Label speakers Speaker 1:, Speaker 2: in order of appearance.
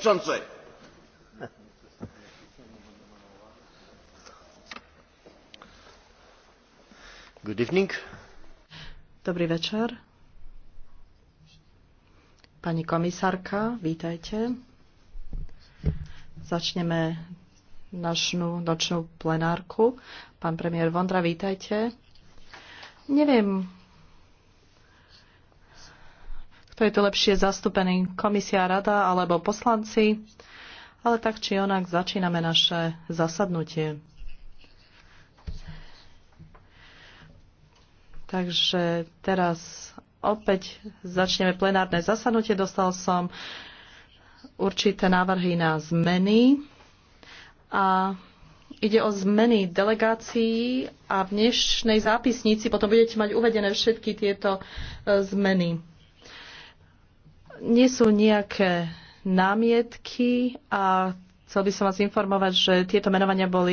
Speaker 1: przewodniczący! Good evening. Dobrý večer. Pani komisárka, vítajte. Začneme našu nočnú plenárku. Pán premiér Vondra, vítajte. Neviem, kto je tu lepšie zastúpený, komisia, rada alebo poslanci. Ale tak či onak začíname naše zasadnutie. Takže teraz opäť začneme plenárne zasadnutie. Dostal som určité návrhy na zmeny. A Ide o zmeny delegácií a v dnešnej zápisnici potom budete mať uvedené všetky tieto e, zmeny nie sú nejaké námietky a chcel by som vás informovať, že tieto menovania boli